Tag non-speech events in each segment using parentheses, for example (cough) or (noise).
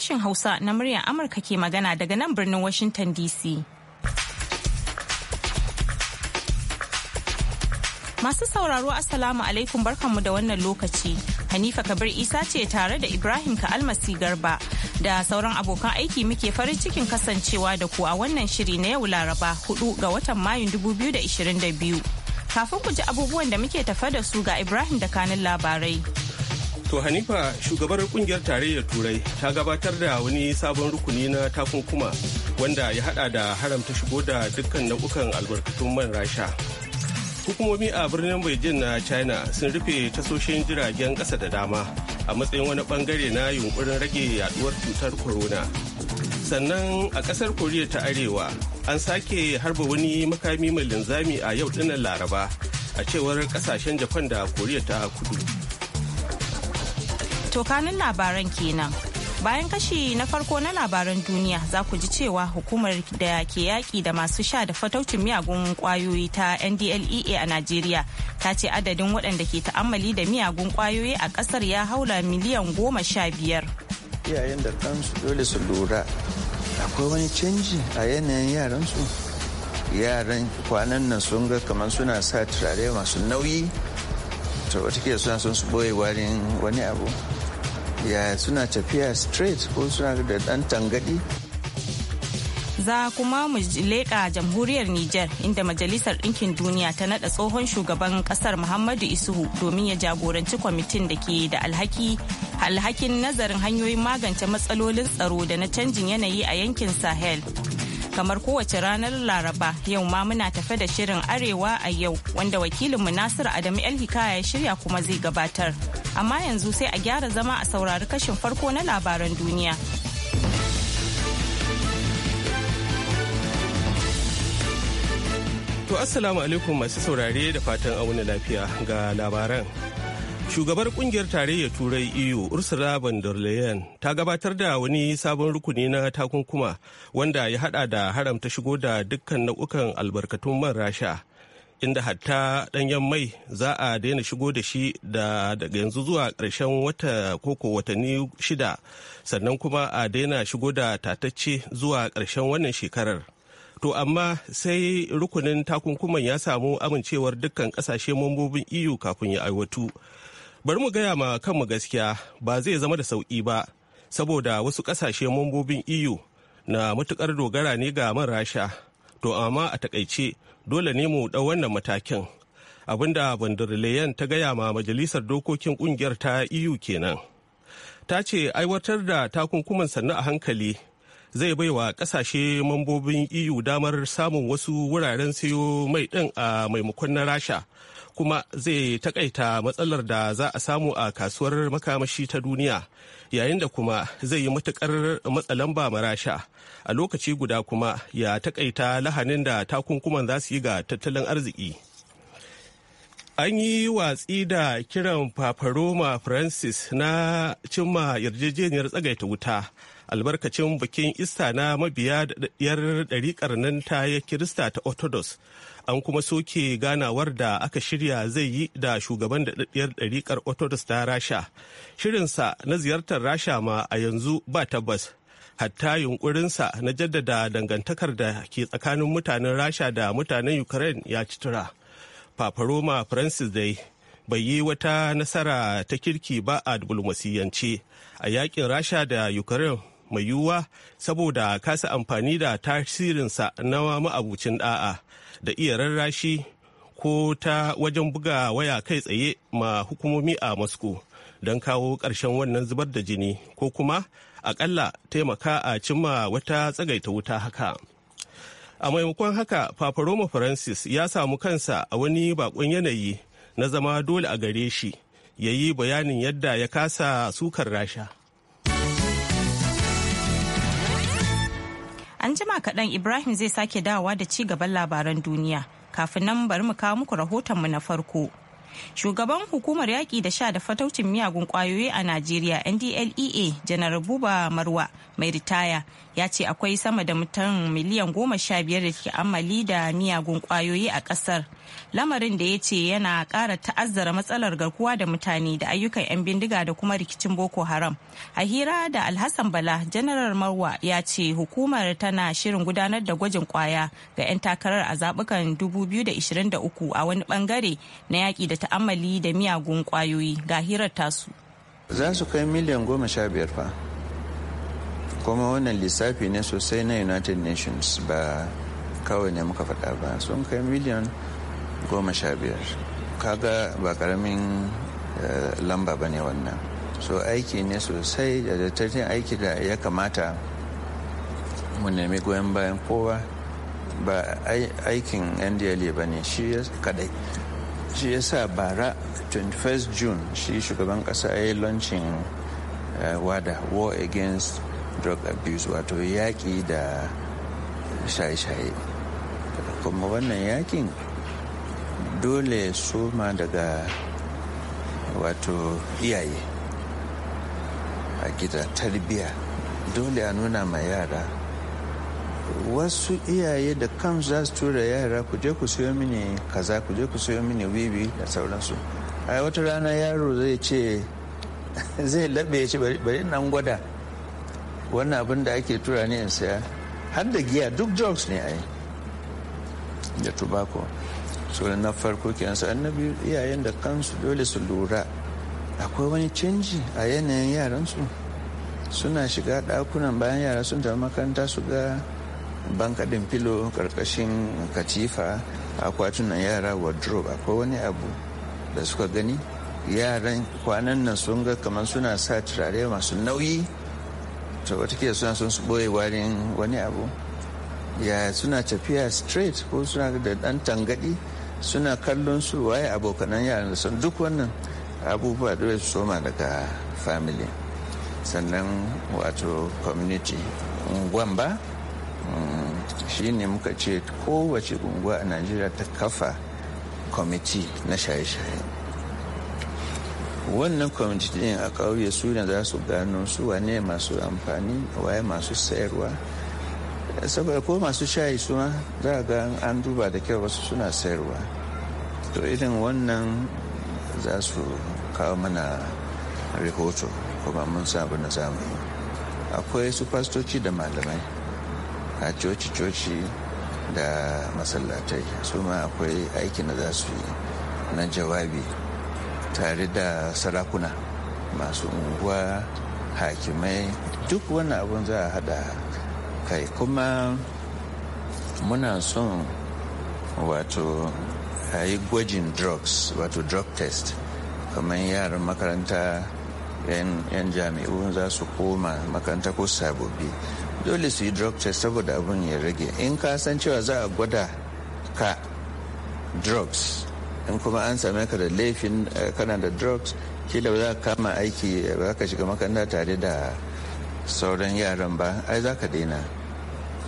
sashen Hausa na muryar Amurka ke magana daga nan birnin Washington DC. Masu sauraro Assalamu alaikum barkanmu da wannan lokaci. Hanifa Kabir Isa ce tare da Ibrahim Ka'almasi Garba da sauran abokan aiki muke farin cikin kasancewa da ku a wannan shiri na yau Laraba 4 ga watan Mayun 2022. Kafin ku ji abubuwan da muke tafa da su ga Ibrahim da kanin labarai. To Hanifa shugabar kungiyar tarayyar Turai ta gabatar da wani sabon rukuni na takunkuma wanda ya hada da haramta shigo da dukkan nau'ukan albarkatun man rasha. Hukumomi a birnin Beijing na China sun rufe tasoshin jiragen ƙasa da dama a matsayin wani bangare na yunkurin rage yaduwar cutar corona. Sannan a ƙasar Koriya ta Arewa an sake harba wani makami mai linzami a yau dinar Laraba a cewar ƙasashen Japan da Koriya ta Kudu. Tokanin labaran kenan. Bayan kashi na farko na labaran duniya za ku ji cewa hukumar da ke yaƙi da masu sha da fataucin miyagun ƙwayoyi ta NDLEA a Najeriya ta ce adadin waɗanda ke ta'ammali da miyagun ƙwayoyi a ƙasar ya haula miliyan goma sha biyar. Iyayen da kansu dole su lura akwai wani canji a yanayin yaransu. Yaran kwanan nan sun ga kamar suna sa turare masu nauyi. to wata suna son su boye wani abu ya suna tafiya straight ko suna da ɗan tangadi za kuma mu leƙa jamhuriyar Nijar inda Majalisar Ɗinkin Duniya ta naɗa tsohon shugaban ƙasar Muhammadu Isuhu domin ya jagoranci kwamitin da ke da alhaki alhakin nazarin hanyoyin magance matsalolin tsaro da na canjin yanayi a yankin Sahel. Kamar kowace ranar Laraba yau ma muna tafe da shirin Arewa a yau wanda wakilinmu Nasir Adamu El Hikaya ya shirya kuma zai gabatar. amma yanzu sai a gyara zama a saurari kashin farko na labaran duniya. To assalamu alaikum masu saurare da fatan auna lafiya ga labaran. Shugabar kungiyar tarayyar turai EU Ursula von der Leyen ta gabatar da wani sabon rukuni na takunkuma wanda ya hada da haramta shigo da dukkan nau'ukan albarkatun man rasha inda hatta ɗanyen mai za a daina shigo da shi da daga yanzu zuwa ƙarshen wata koko watanni shida sannan kuma a daina shigo da tatacce zuwa ƙarshen wannan shekarar to amma sai rukunin takunkuman ya samu amincewar dukkan ƙasashe mambobin eu kafin ya aiwatu bari mu gaya ma kanmu gaskiya ba zai zama da sauƙi ba saboda wasu ƙasashe mambobin eu na matukar dogara ne ga man rasha to amma a takaice dole ne mu ɗau wannan matakin abinda Leyen ta gaya ma majalisar dokokin kungiyar ta eu kenan ta ce aiwatar da takunkuman sannu a hankali zai bai wa ƙasashe mambobin eu damar samun wasu wuraren siyo mai ɗin a maimakon na rasha kuma zai takaita matsalar da za a samu a kasuwar makamashi ta duniya yayin da kuma zai yi matukar ba marasha a lokaci guda kuma ya takaita lahanin da takunkuman za su yi ga tattalin arziki. an yi watsi da kiran paparoma francis na cimma yarjejeniyar tsagaita wuta albarkacin bikin ista na mabiya daɗaɗɗiyar ɗariƙar nan ta ya kirista ta orthodox an kuma soke ganawar da aka shirya zai yi da shugaban da daɗaɗɗiyar ɗariƙar orthodox ta rasha shirinsa na ziyartar rasha ma a yanzu ba tabbas hatta yunkurinsa na jaddada dangantakar da ke tsakanin mutanen rasha da mutanen ukraine ya ci Paparoma Francis dai bai yi wata nasara ta kirki ba a dubulmasiyance a yakin Rasha da Ukraine mai yiwuwa saboda kasa amfani da tasirinsa na ma'abucin da'a da iya rarrashi ko ta wajen buga waya kai tsaye ma hukumomi a Moscow don kawo ƙarshen wannan zubar da jini ko kuma akalla taimaka a cimma wata tsagaita wuta haka. a maimakon haka papa roma francis ya samu kansa a wani bakon yanayi na zama dole a gare shi ya yi bayanin yadda ya kasa sukar rasha an jima kaɗan ibrahim zai sake dawowa da ci gaban labaran duniya kafin nan bari mu kawo muku rahoton mu na farko Shugaban hukumar yaƙi da sha da fataucin miyagun ƙwayoyi a Najeriya NDLEA Janar Buba Marwa mai ritaya ya ce akwai sama da mutum miliyan goma sha biyar da ke amali da miyagun ƙwayoyi a ƙasar. lamarin da ya ce yana kara ta'azzara matsalar garkuwa da mutane da ayyukan 'yan bindiga da kuma rikicin boko haram a hira da alhassan bala janaral marwa ya ce hukumar tana shirin gudanar da gwajin kwaya ga 'yan takarar a zabukan 2023 a wani bangare na yaƙi da ta'ammali da miyagun kwayoyi ga hirar tasu za su kai miliyan goma sha biyar fa kuma wannan lissafi ne sosai na united nations ba kawai ne muka faɗa ba sun kai miliyan goma sha biyar kaga ba karamin eh, lamba ba ne wannan so aiki ne sosai da tattalin aiki da ya kamata mu nemi goyon bayan kowa ba aikin ndla e ba ne shi kadai shi ya sa bara 21 june shi shugaban kasa ya yi launching eh, wada war against drug abuse wato yaƙi da shaye-shaye kuma wannan yakin dole soma daga wato iyaye a gida tarbiya dole a nuna ma yara wasu iyaye da kan za su tura yara ku je ku siyo mini kaza ku je ku siyo mini wiwi da sauransu a wata rana yaro zai ce (laughs) zai labe ya ce bari nan gwada wannan abin da ake tura ne in saya har da giya duk drugs ne a yi. da tobacco so na farko ke yansu iyayen da kansu dole su lura akwai wani canji a yanayin yaransu suna shiga ɗakunan bayan yara sun tafi makaranta su ga bankadin filo karkashin katifa akwatunan yara wardrobe akwai wani abu da suka gani yaran kwanan nan sun ga kamar suna sa turare masu nauyi to ke suna sun su ɓoye wani abu ya suna tafiya straight ko suna da ɗan tangadi. suna kallon su waye abokanan yaran sun duk wannan abubuwa dole su soma daga family sannan wato community unguwan ba mm, shi ne muka ce kowace unguwa a najeriya ta kafa kwamiti na shaye-shaye wannan kwamiti din a kauye su ne za su gano su wane masu amfani waye masu sayarwa saboda ko masu shayi su ma za ga an duba da kyau wasu suna sayarwa to irin wannan za su kawo mana rahoto kuma mun sabu na zamu akwai su fastoci da malamai a coci-coci da masallatai su ma akwai aiki na za su yi na jawabi tare da sarakuna masu unguwa hakimai duk wannan abun za a hada kai kuma muna son wato a yi gwajin drugs wato drug test kamar yaran makaranta yan jami'u za su koma makaranta ko sababbi dole su yi drug test saboda abin ya rage in ka san cewa za a gwada ka drugs in kuma an same ka da laifin eh, kana da drugs kila za ka kama aiki ba ka shiga makaranta tare da sauran yaran ba ai za ka daina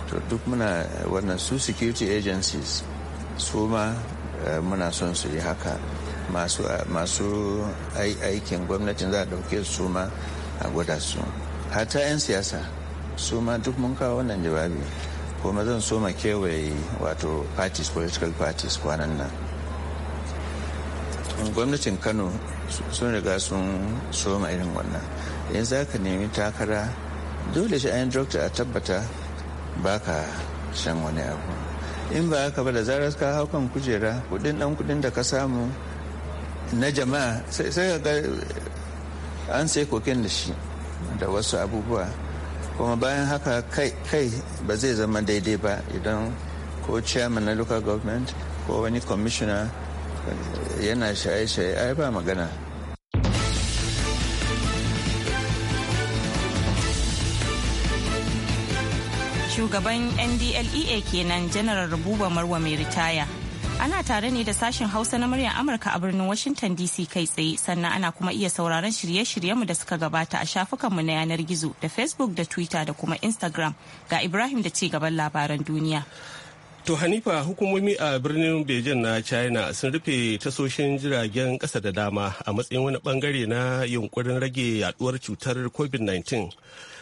to duk muna wannan su security agencies su ma eh, muna son su yi haka masu eh, aikin gwamnatin za a ɗauke su ma a gwada su hata 'yan siyasa su ma duk mun kawo wannan jawabi kuma zan so ma kewaye wato parties political parties kwanan nan gwamnatin kano sun riga sun soma irin wannan in za ka nemi takara dole shi ayin dokta a tabbata ba shan wani abu in ba haka ba da zarar ka hau kan kujera kudin dan kudin da ka samu na jama'a sai ga an sai kokin da shi da wasu abubuwa kuma bayan haka kai ba zai zama daidai ba idan ko chairman na local government ko wani commissioner yana shaye-shaye ai ba magana shugaban ndlea kenan janar rububa marwa mai ritaya ana tare ne da sashen hausa na muryar amurka a birnin washington dc kai tsaye sannan ana kuma iya sauraron shirye-shiryenmu da suka gabata a shafukanmu na yanar gizo da facebook da twitter da kuma instagram ga ibrahim da ci gaban labaran duniya To Hanifa hukumomi a birnin Beijing na China sun rufe tasoshin jiragen kasa da dama a matsayin wani bangare na yunkurin rage yaduwar cutar COVID-19.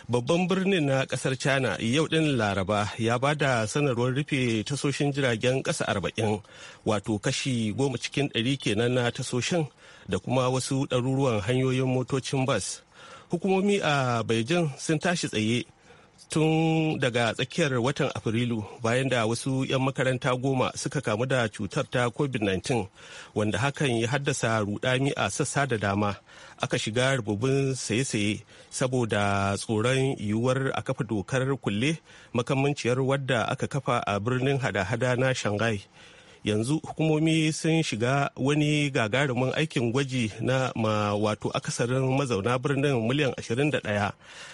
babban birni na kasar china yau din laraba ya ba da sanarwar rufe tasoshin jiragen kasa arba'in wato kashi goma cikin ɗari kenan na tasoshin da kuma wasu ɗaruruwan hanyoyin motocin bas hukumomi a beijing sun tashi tsaye tun daga tsakiyar watan afrilu bayan da wasu 'yan makaranta goma suka kamu da cutar ta covid-19 wanda hakan ya haddasa rudani a sassa da dama aka shiga rububin saye-saye saboda tsoron yiwuwar a kafa dokar kulle makamanciyar wadda aka kafa a birnin hada-hada na shanghai yanzu hukumomi sun shiga wani gagarumin aikin gwaji na ma wato akasarin mazauna birnin miliyan 21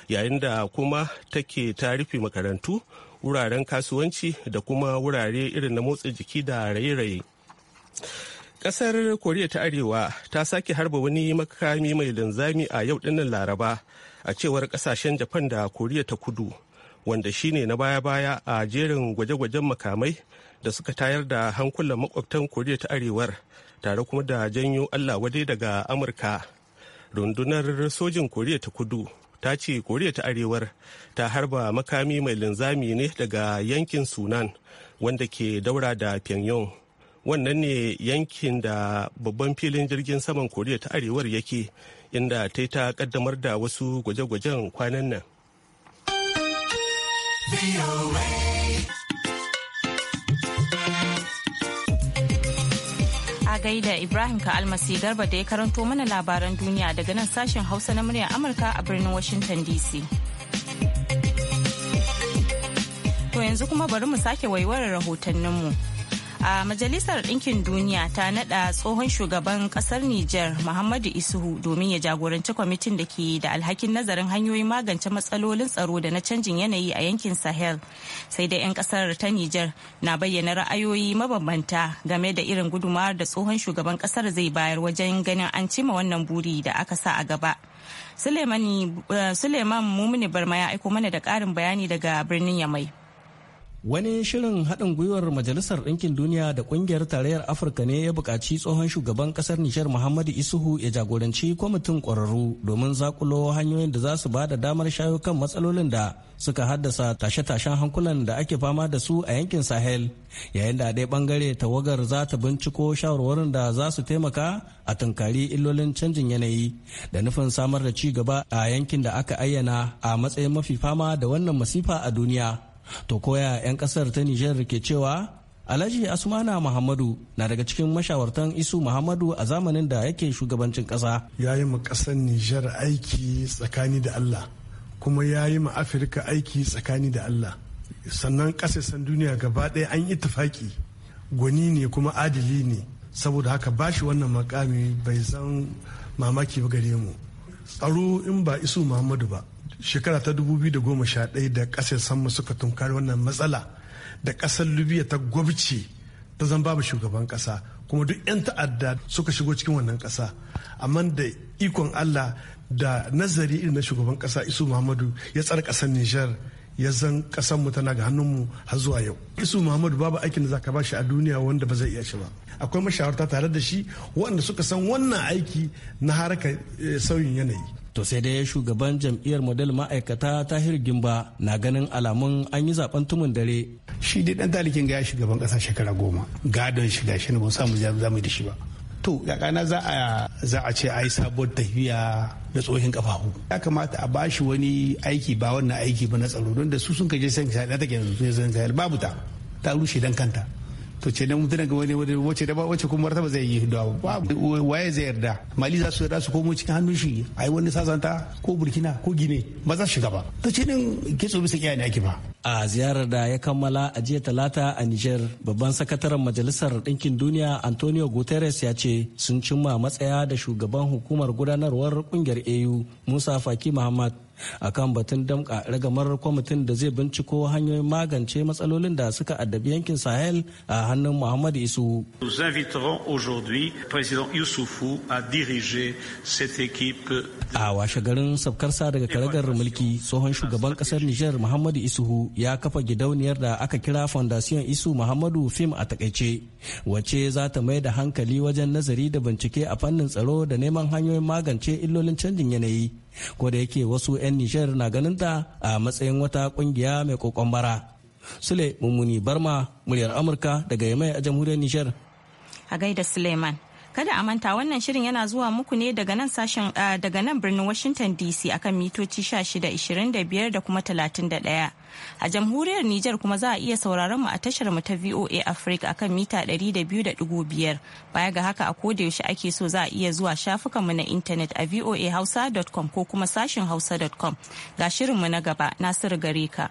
yayin da kuma take ta rufe makarantu wuraren kasuwanci da kuma wurare irin na motsa jiki da raye-raye kasar koriya ta arewa ta sake harba wani makami mai linzami a yau dinnan laraba a cewar kasashen japan da koriya ta kudu wanda shine na baya-baya a jerin gwaje-gwajen makamai da suka tayar da hankulan makwabtan koriya ta arewar tare kuma da janyo allah wadai daga amurka rundunar sojin koriya ta kudu ta ce koriya ta arewar ta harba makami mai linzami ne daga yankin sunan wanda ke daura da pyongyang wannan ne yankin da babban filin jirgin saman koriya ta arewar yake inda ta ta kaddamar da wasu gwaje-gwajen kwanan nan. gai gaida Ibrahim ka'almasi garba da ya karanto mana labaran duniya daga nan sashen Hausa na muryar Amurka a birnin Washington DC. To yanzu kuma bari mu sake waiwarar rahotanninmu. a majalisar ɗinkin duniya ta naɗa tsohon shugaban ƙasar niger muhammadu isuhu domin ya jagoranci kwamitin da ke da alhakin nazarin hanyoyin magance matsalolin tsaro da na canjin yanayi a yankin sahel sai dai 'yan ƙasar ta niger na bayyana ra'ayoyi mabambanta game da irin gudumar da tsohon shugaban ƙasar zai bayar wajen ganin an cima wannan buri da aka sa a gaba eh, suleiman mumini barma ya aiko mana da ƙarin bayani daga birnin yamai Wani shirin haɗin gwiwar Majalisar Ɗinkin Duniya da Ƙungiyar Tarayyar Afirka ne ya buƙaci tsohon shugaban ƙasar Nishar Muhammadu Isuhu ya jagoranci kwamitin ƙwararru domin zakulo hanyoyin da za su ba da damar shayo kan matsalolin da suka haddasa tashe-tashen hankulan da ake fama da su a yankin Sahel, yayin da ɗaya ɓangare tawagar za ta binciko shawarwarin da za su taimaka a tunkari illolin canjin yanayi da nufin samar da ci gaba a yankin da aka ayyana a matsayin mafi fama da wannan masifa a duniya. To koya 'yan kasar ta Nijar ke cewa Alhaji Asmana Muhammadu na daga cikin mashawartan Isu Muhammadu a zamanin da yake shugabancin kasa. Ya yi ma kasar Nijar aiki tsakani da Allah, kuma ya yi ma Afirka aiki tsakani da Allah. Sannan ƙasashen duniya gaba ɗaya an yi faƙi. gwani ne kuma adili ne, saboda haka ba shi wannan makami bai san mamaki ba gare mu. Tsaro in ba Isu Muhammadu ba, shekara ta 2011 da ƙasar sanmu suka tunkari wannan matsala da ƙasar libya ta gwabce ta zan babu shugaban kasa kuma duk 'yan ta'adda suka shigo cikin wannan ƙasa amma da ikon allah da nazari irin na shugaban kasa isu muhammadu ya tsara kasar nijar ya zan kasar mu tana ga hannunmu har zuwa yau isu muhammadu babu aikin da zaka shi a duniya wanda ba zai iya shi ba akwai mashawarta tare da shi wanda suka san wannan aiki na harkar eh, sauyin yanayi To sai dai shugaban jam'iyyar model ma'aikata Tahir Gimba na ganin alamun an yi zaben tumun dare. Shi dai dan talikin ga shugaban kasa shekara goma gadon shiga shi ne ba samu zamu da shi ba. To kakana za a za a ce ai sabuwar tafiya da tsohin kafafu. Ya kamata a bashi wani aiki ba wannan aiki ba na tsaro don da su sun kaje san ta take yanzu sai san babu ta ta rushe dan kanta. to ce nan mutum wani wace da wace kuma martaba zai yi da waye zai yarda mali za su yarda su komo cikin hannun shi ai wani sasanta ko burkina ko gine ba za su shiga ba to ce nan kitso bisa kiyaye ake ba a ziyarar da ya kammala a jiya talata a niger babban sakataren majalisar ɗinkin duniya antonio guterres ya ce sun cimma matsaya da shugaban hukumar gudanarwar kungiyar au musa faki muhammad kan batun damka ragamar kwamitin da zai binciko hanyoyin magance matsalolin da suka addabi yankin sahel a hannun muhammad isu a washe garin sabkarsa daga karagar mulki tsohon shugaban kasar niger muhammad isuhu ya kafa gidauniyar da aka kira Fondation Isu Muhammadu fim a takaice, wacce za ta mai da hankali wajen nazari da bincike a fannin tsaro da neman hanyoyin magance illolin canjin yanayi. Ko da yake wasu 'yan Nijar na ganin ta a matsayin wata kungiya mai kokon bara. Sule Mummuni Barma, muryar Amurka daga Yamai a jamhuriyar Nijar. A gaida Suleiman. Kada a manta wannan shirin yana zuwa muku ne daga nan sashen ah, daga nan birnin Washington DC akan mitoci 1625 da kuma 31. A jamhuriyar Nijar kuma za a iya sauraron mu a tashar mu ta VOA Africa akan mita 200.5. Baya ga haka a koda yaushe ake so za a iya zuwa shafukan mu na intanet a voahausa.com ko kuma sashen hausa.com. Ga shirin mu na gaba Nasiru gare ka.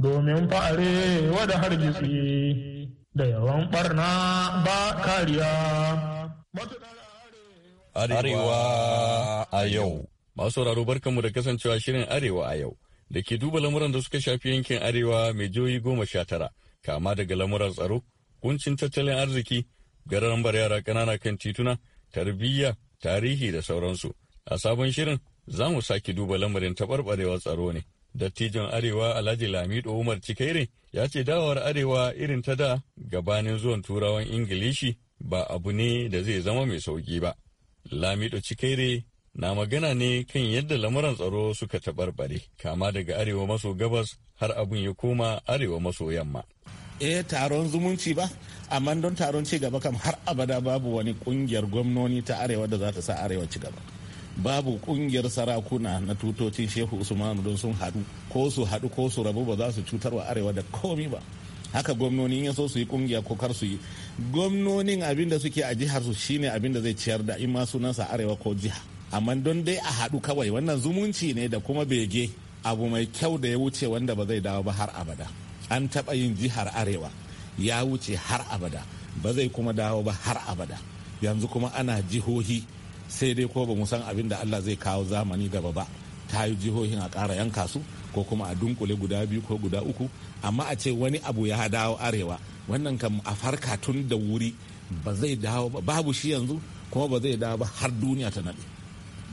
Domin fa'are wada hargitsi da yawan barna ba kariya. Arewa a yau. Masu sauraro barkanmu da kasancewa shirin Arewa a yau da ke duba lamuran da suka shafi yankin Arewa mai jihohi goma sha tara kama daga lamuran tsaro, kuncin tattalin arziki, garambar yara ƙanana kan tituna, tarbiyya, tarihi da sauransu. A sabon shirin za mu sake duba lamarin taɓarɓarewar tsaro ne. Dattijon Arewa Alhaji Lamido Umar Cikaire ya ce dawowar Arewa irin ta da gabanin zuwan turawan Ingilishi ba abu ne da zai zama mai sauki ba. Lamido Cikaire na magana ne kan yadda lamuran tsaro suka taɓarɓare kama daga arewa maso gabas har abin ya koma arewa maso yamma. eh taron zumunci ba amma don taron ci gaba kam har abada babu wani kungiyar gwamnoni ta arewa da za ta sa arewa ci gaba. babu kungiyar sarakuna na tutocin shehu usmanu don sun haɗu ko su hadu ko su rabu ba za su cutar wa arewa da komi ba haka gwamnonin ya so su yi kungiya ko kar su yi gwamnonin abin da suke a jihar su shine abin da zai ciyar da in ma sunansa arewa ko jiha amma don dai a haɗu kawai wannan zumunci ne da kuma bege abu mai kyau da ya wuce wanda ba zai dawo ba har abada an taɓa yin jihar arewa ya wuce har abada ba zai kuma dawo ba har abada yanzu kuma ana jihohi sai dai ko ba mu san abin da Allah zai kawo zamani gaba ba ta yi jihohin a ƙara yanka su ko kuma a dunkule guda biyu ko guda uku amma a ce wani abu ya dawo arewa wannan kam a farka tun da wuri ba zai dawo ba babu shi yanzu kuma ba zai dawo ba har duniya ta naɗe.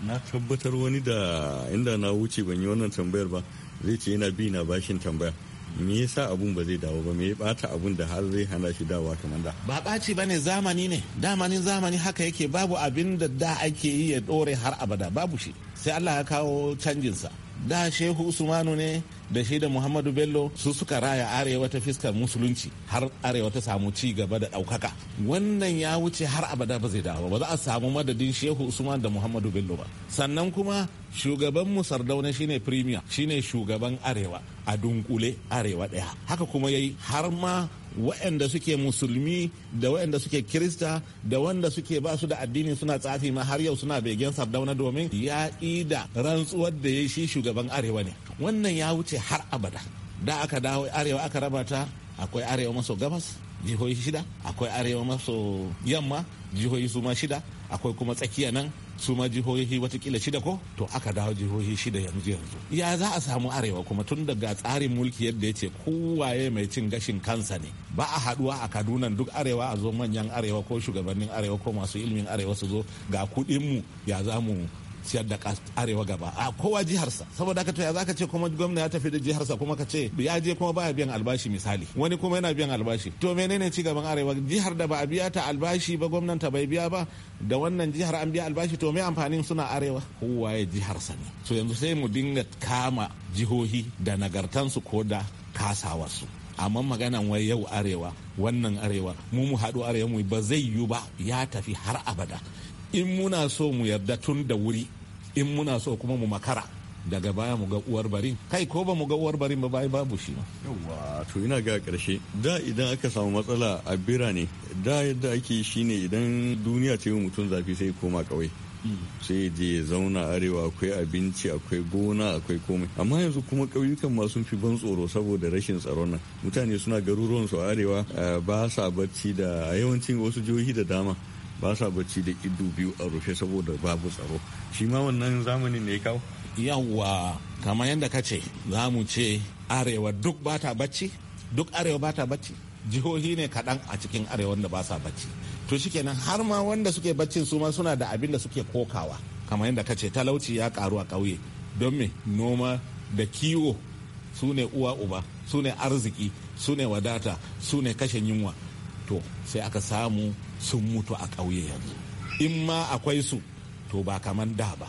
na tabbatar wani da inda na wuce ban yi wannan tambayar ba zai ce yana bi na bashin tambaya me yasa abun ba zai dawo ba me ya bata abun da har zai hana shi dawa kamar da ba ɓaci bane zamani ne damanin zamani haka yake babu abin da da ake yi ya dore har abada babu shi sai Allah ya kawo canjin sa da shehu usmanu ne da shi da muhammadu bello su suka raya arewa ta fiskar musulunci har arewa ta samu ci gaba da ɗaukaka wannan ya wuce har abada ba zai dawo ba za a samu madadin shehu usman da muhammadu bello ba sannan kuma shugaban musar sardauna shine premier shine shugaban arewa a dunkule arewa daya haka kuma yayi har ma waɗanda suke musulmi da waɗanda suke kirista da wanda suke ba su da addini suna tsafi ma har yau suna begen sardauna domin ya da rantsuwar da ya shi shugaban arewa ne wannan ya wuce har abada da aka dawo arewa aka raba ta akwai arewa maso gabas jihohi shida akwai arewa maso yamma jihohi su ma shida akwai kuma tsakiya nan su ma jihohi watakila shida ko to aka dawo jihohi shida yanzu yanzu ya za a samu arewa kuma tun daga tsarin mulki yadda ya ce kowaye mai cin gashin kansa ne ba a haduwa a kaduna duk arewa a zo manyan arewa ko shugabannin arewa ko masu ilimin arewa su zo ga kudinmu ya za mu ciyar da arewa gaba a kowa jiharsa saboda haka to ya zaka ce kuma gwamna ya tafi da jiharsa kuma ka ce ya je kuma baya biyan albashi misali wani kuma yana biyan albashi to menene ci gaban arewa jihar da ba a biya ta albashi ba gwamnan ta bai biya ba da wannan jihar an biya albashi to me amfanin suna arewa kowa ya jiharsa ne to yanzu sai mu dinga kama jihohi da nagartansu ko da kasawarsu amma maganan wai yau arewa wannan arewa mu mu haɗu arewa mu ba zai yiwu ba ya tafi har abada in muna so mu yarda tun da wuri in muna so kuma mu makara daga baya mu ga uwar barin kai ko ba mu ga uwar barin ba bai babu shi yawa to ina ga karshe da idan aka samu matsala a birane da yadda ake shi ne idan duniya ta yi mutum zafi sai koma kauye sai je ya zauna arewa akwai abinci akwai gona akwai komai amma yanzu kuma kauyukan ma sun fi ban tsoro saboda rashin tsaron nan mutane suna garuruwan su arewa eh, ba sa bacci da yawancin wasu jihohi da dama ba sa bacci da ido biyu a rufe saboda babu tsaro shi ma wannan zamanin ne ya kawo yawwa kamar yadda ka ce za mu ce arewa duk ba ta bacci duk arewa ba ta bacci jihohi ne kaɗan a cikin arewa da ba sa bacci to shi shikenan har ma wanda suke baccin su ma suna da abin da suke kokawa kamar yadda ka ce talauci ya karu a ƙauye don me noma da kiwo su ne uwa uba su ne arziki su ne wadata su ne kashe yunwa to sai aka samu sun mutu a ƙauye yanzu in ma akwai su to ba kaman da ba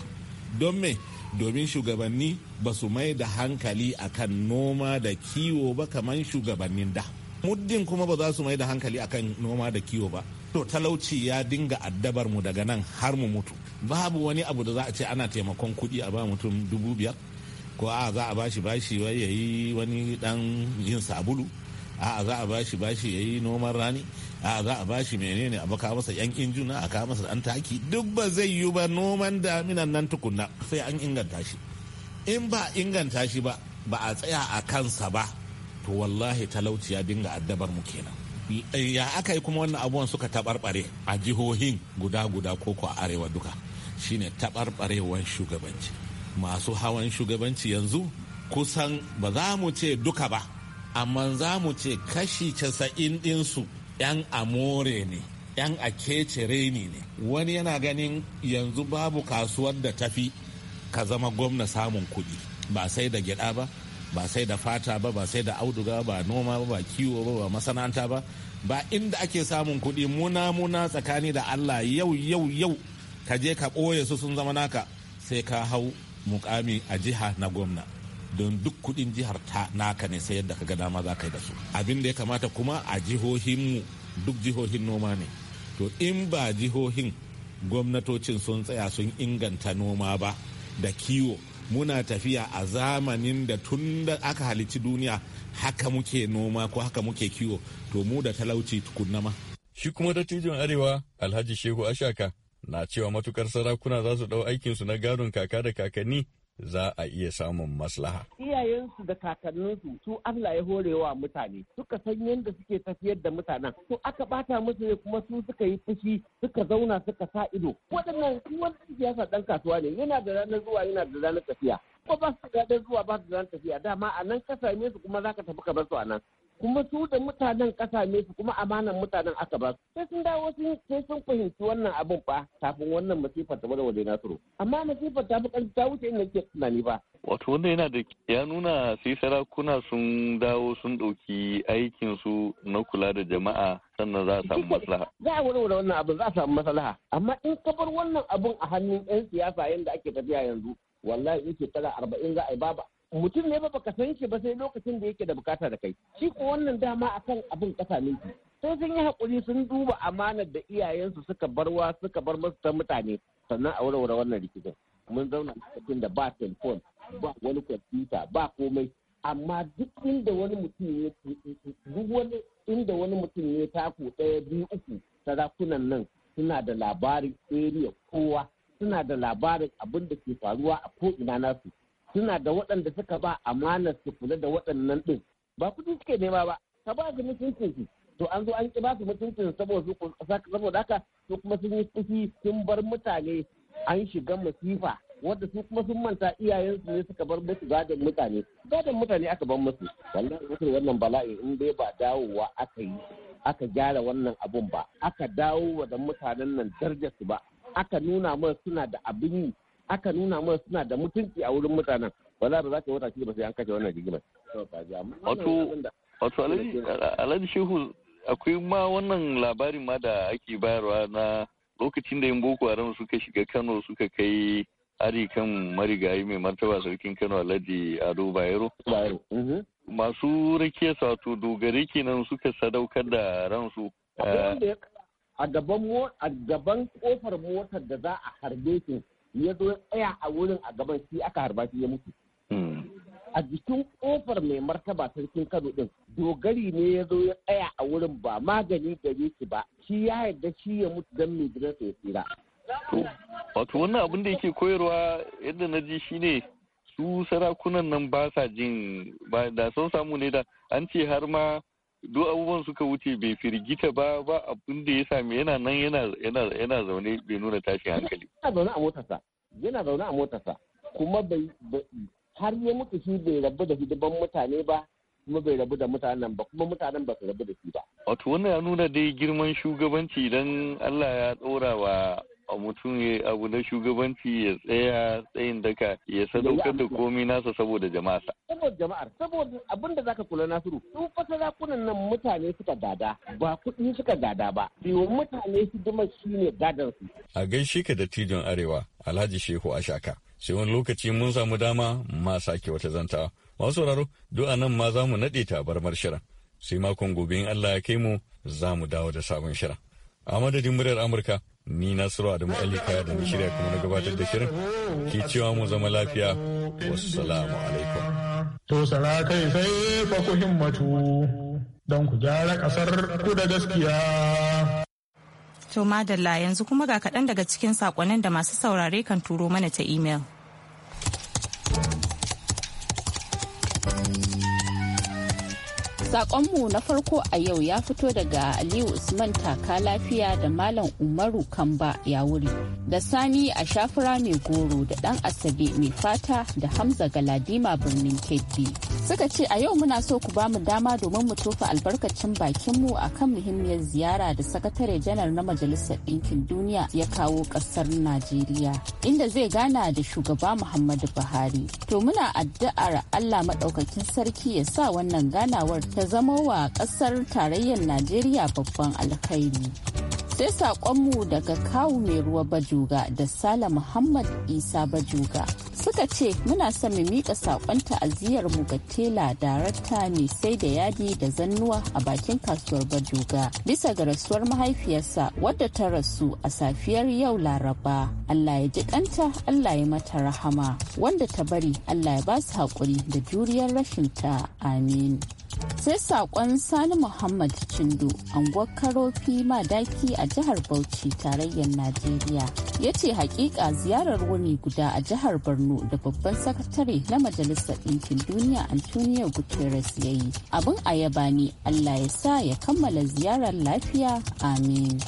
don me domin shugabanni ba su mai da hankali akan noma da kiwo ba kamar shugabannin da muddin kuma ba za su mai da hankali akan noma da kiwo ba to talauci ya dinga addabar mu daga nan har mu mutu babu wani abu da za a ce ana taimakon kuɗi a ba mutum dubu biyar ko a za a bashi bashi wai yayi wani dan yin sabulu a'a za a bashi bashi yayi noman rani a'a za a bashi menene a baka masa yan injuna a ka masa dan taki duk ba zai yi ba noman daminan nan tukunna sai an inganta shi in ba inganta shi ba ba a tsaya a kansa ba to wallahi talauci ya dinga addabar mu kenan ya aka yi kuma wannan abubuwan suka taɓarɓare a jihohin guda guda ko a arewa duka shine taɓarɓarewan shugabanci masu hawan shugabanci yanzu kusan ba za mu ce duka ba amma za mu ce kashi casa'in ɗinsu 'yan amore ne 'yan a reni ne wani yana ganin yanzu babu kasuwar da tafi ka zama gwamna samun kuɗi ba sai da gida ba ba sai da fata ba ba sai da auduga ba noma ba ba kiwo ba ba masana'anta ba ba inda ake samun kuɗi muna muna tsakani da allah yau yau yau ka je ka ɓoye su sun zama naka sai ka hau mukami a jiha na gwamna don duk kudin jihar ta naka ne sai yadda ka ga dama za ka yi da su abin da ya kamata kuma a jihohinmu duk jihohin noma ne to in ba jihohin gwamnatocin sun tsaya sun inganta noma ba da kiwo muna tafiya a zamanin da tun da aka halici duniya haka muke noma ko haka muke kiwo to mu da talauci tukunna ma. Shi kuma dattijon Arewa Alhaji Shehu Ashaka na cewa matukar sarakuna za su dau aikinsu na gadon kaka da kakanni za a iya samun maslaha. Iyayensu da kakanninsu su Allah ya horewa mutane suka san yadda suke tafiyar da mutanen su aka bata musu ne kuma su suka yi fushi suka zauna suka sa ido waɗannan wanda siyasa ɗan kasuwa ne yana da ranar zuwa yana da ranar tafiya. Ko ba su da zuwa ba su da ranar tafiya dama a nan ka same su kuma za ka tafi ka bar su a nan kuma su da mutanen ƙasa ne su kuma amanan mutanen aka ba su. sai sun dawo sun sai sun fahimci wannan abin fa kafin wannan masifar ta bada waje turo amma masifar ta fi ta wuce inda ke tunani ba. wato wanda yana da ya nuna sai sarakuna sun dawo sun ɗauki aikin su na kula da jama'a sannan za a samu maslaha. za a wurin wannan abin za a samu maslaha amma in ka bar wannan abin a hannun 'yan siyasa yadda ake tafiya yanzu wallahi in shekara arba'in za a yi baba mutum ne ba baka san shi ba sai lokacin da yake da bukata da kai shi ko wannan dama akan abin kasa minti sai sun yi hakuri sun duba amanar da iyayensu suka barwa suka bar masu ta mutane sannan a warware wannan rikicin mun zauna lokacin da ba telefon ba wani kwamfuta ba komai amma duk inda wani mutum ya duk wani inda wani mutum ya taku ɗaya biyu uku sarakunan nan suna da labarin area kowa suna da labarin abin da ke faruwa a ko'ina nasu suna da waɗanda suka ba amanar su kula da waɗannan ɗin ba kuɗi suke nema ba ka ba su mutuncin su to an zo an ki ba su mutuncin saboda saboda haka su kuma sun yi fushi sun bar mutane an shiga masifa wadda su kuma sun manta iyayensu ne suka bar musu gadon mutane gadon mutane aka bar musu wannan mutum wannan bala'i in dai ba dawowa aka yi aka gyara wannan abun ba aka dawo wa da mutanen nan su ba aka nuna mana suna da abin yi aka nuna mana suna da mutunci a wurin mutanen za ba za ka wata shi ba sai an kashe wannan rigimar. Wato Alhaji Shehu akwai ma wannan labarin ma da ake bayarwa na lokacin da yin Boko Haram suka shiga Kano suka kai ari kan marigayi mai martaba sarkin Kano Alhaji Ado Bayero. Mhm. Masu rakiya wato dogare kenan suka sadaukar da ransu. Eh, a gaban kofar motar da za a harbe su ya zo tsaya a wurin a gaban shi aka harba ya mutu hmm. a jikin kofar mai martaba sarkin kano ɗin dogari ne ya zo ya tsaya a wurin ba magani gare shi ba shi ya yarda shi ya mutu don mai gida ya tsira wato wannan abin da yake koyarwa yadda na ji shine su sarakunan nan ba sa jin ba da sun samu ne da an ce har ma duk abubuwan suka wuce bai firgita ba ba abin da ya sami yana nan yana zaune bai nuna tashin hankali yana zaune a motarsa yana zaune a motarsa kuma bai har ya mutu shi bai rabu da hidiban mutane ba kuma bai rabu da mutanen ba kuma mutanen ba su rabu da shi ba wato wannan ya nuna dai girman shugabanci idan Allah ya tsora wa a mutum ya abu na shugabanci ya tsaya tsayin daka ya sadaukar da komi nasa saboda jama'arsa. Saboda jama'ar, saboda abin da zaka kula Nasiru, su fasa zakunan nan mutane suka gada, ba kuɗi suka gada ba, biyu mutane su duma shi ne su. A gaishe ka da tijon Arewa, Alhaji Shehu Ashaka. Sai wani lokaci mun samu dama ma sake wata zantawa. Masu sauraro, duk a nan ma za mu naɗe tabarmar shirin. Sai makon gobe in Allah ya kai mu za mu dawo da sabon shirin. A madadin muryar Amurka, ni nasiru adamu ali kaya da shirya kuma na gabatar da shirin ke cewa mu zama lafiya wasu salamu alaikum to sala kai sai fa ku himmatu don ku gyara kasar ku da gaskiya to madalla yanzu kuma ga kaɗan daga cikin saƙonnin da masu saurare kan turo mana ta imel. Sakonmu na farko a yau ya fito daga Aliyu Usman taka lafiya da Malam Umaru Kamba ya wuri da Sani a shafura mai goro da ɗan Asabe mai fata da Hamza Galadima birnin Kebbi. Suka ce a yau muna so ku bamu dama domin mu tofa albarkacin bakinmu a kan muhimmiyar ziyara da sakatare janar na Majalisar Ɗinkin Duniya ya kawo ƙasar Najeriya inda zai gana da shugaba Muhammadu Buhari. To muna addu'ar Allah Maɗaukakin Sarki ya sa wannan ganawar ta zama wa ƙasar tarayyar Najeriya babban alkhairi. Sai saƙonmu daga kawu mai ruwa bajuga da Sala Muhammad Isa bajuga suka ce muna son mu miƙa saƙon ta'aziyarmu mu ga tela darakta ne sai da yadi da zannuwa a bakin kasuwar bajuga bisa ga rasuwar mahaifiyarsa wadda ta rasu a safiyar yau laraba allah ya ji kanta allah ya mata rahama wanda ta bari allah ya ba su haƙuri da juriyar rashinta amin sai sakon sani muhammad chindu anguwar karofi madaki a jihar bauchi tarayyar najeriya ya ce hakika ziyarar wuni guda a jihar borno da babban sakatare na majalisar ɗinkin duniya antonio guterres ya yi abin ayaba ne allah ya sa ya kammala ziyarar lafiya amin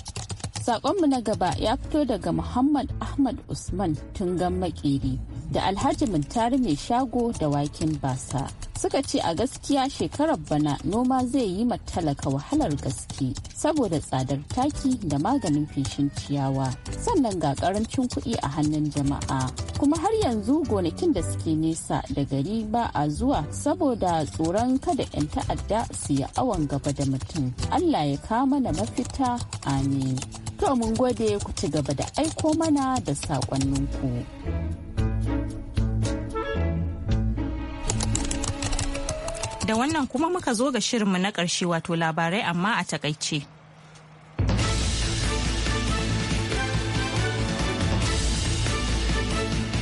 Sakonmu na gaba ya fito daga Muhammad Ahmad Usman Tungan Makeri da Alhaji Muntari mai shago da wakin basa suka ce a gaskiya shekarar bana noma zai yi matalaka wahalar gaske saboda tsadar taki da maganin feshin ciyawa sannan ga karancin kuɗi a hannun jama'a kuma har yanzu gonakin da suke nesa da gari ba a zuwa saboda tsoron kada 'yan ta'adda su yi awon gaba da mutum allah ya kama na mafita amin to mun gode ku ci gaba da aiko mana da saƙonninku. da wannan kuma muka zo ga shirinmu na ƙarshe wato labarai amma a takaice.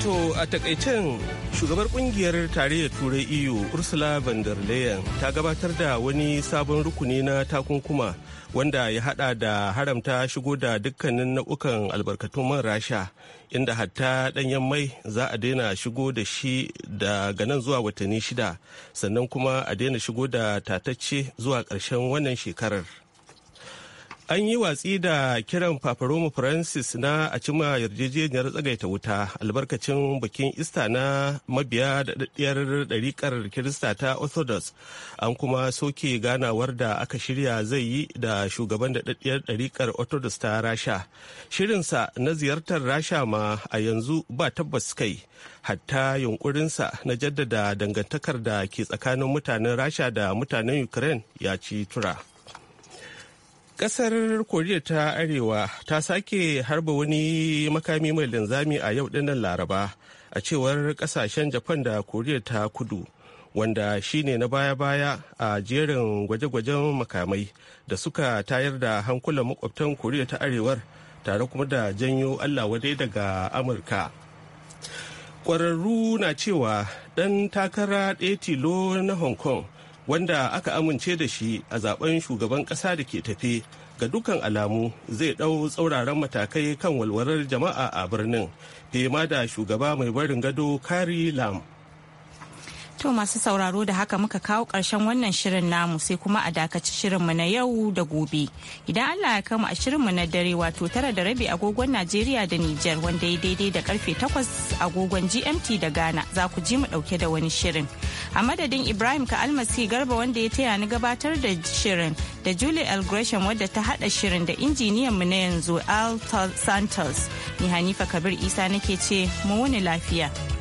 To a takaicen shugabar kungiyar tarayyar turai iyo e Ursula von der Leyen ta gabatar da wani sabon rukuni na takunkuma wanda ya hada da haramta shigo da dukkanin nau'ukan albarkatun man rasha inda hatta danyen mai za a daina shigo da shi daga nan zuwa watanni shida sannan kuma a daina shigo da tatacce zuwa karshen wannan shekarar an yi watsi da kiran paparoma francis na a cima yarjejeniyar tsagaita wuta albarkacin bikin ista na mabiya da daddiyar ɗariƙar kirista ta orthodox an kuma soke ganawar da aka shirya zai yi da shugaban da daddiyar ɗariƙar orthodox ta rasha shirinsa na ziyartar rasha ma a yanzu ba tabbas kai hatta yunkurinsa na jaddada dangantakar da ke tsakanin mutanen rasha da mutanen ukraine ya ci tura. Kasar Koriya ta Arewa ta sake harba wani makami mai linzami a yau dinnan Laraba a cewar kasashen Japan da Koriya ta Kudu wanda shine na baya-baya a jerin gwaje-gwajen makamai da suka tayar da hankulan makwabtan Koriya ta Arewar tare kuma da janyo Allah wadai daga Amurka. Kwararru na cewa ɗan takara ɗaya tilo na Hong Kong wanda aka amince da shi a zaben shugaban kasa da ke tafe ga dukkan alamu zai ɗau tsauraran matakai kan walwalar jama'a a birnin fema da shugaba mai barin gado kari lam To masu sauraro da haka muka kawo ƙarshen wannan shirin namu sai kuma a dakaci shirinmu na yau da gobe. Idan Allah ya kama a shirinmu na dare wato tara da rabi agogon Najeriya da Nijar wanda ya daidai da karfe takwas agogon GMT da Ghana za ku ji mu ɗauke da wani shirin. A madadin Ibrahim ka almasi garba wanda ya taya ni gabatar da shirin da Julie L. Gresham wadda ta haɗa shirin da injiniyan mu na yanzu Al Santos. Ni Hanifa Kabir Isa nake ce mu wuni lafiya.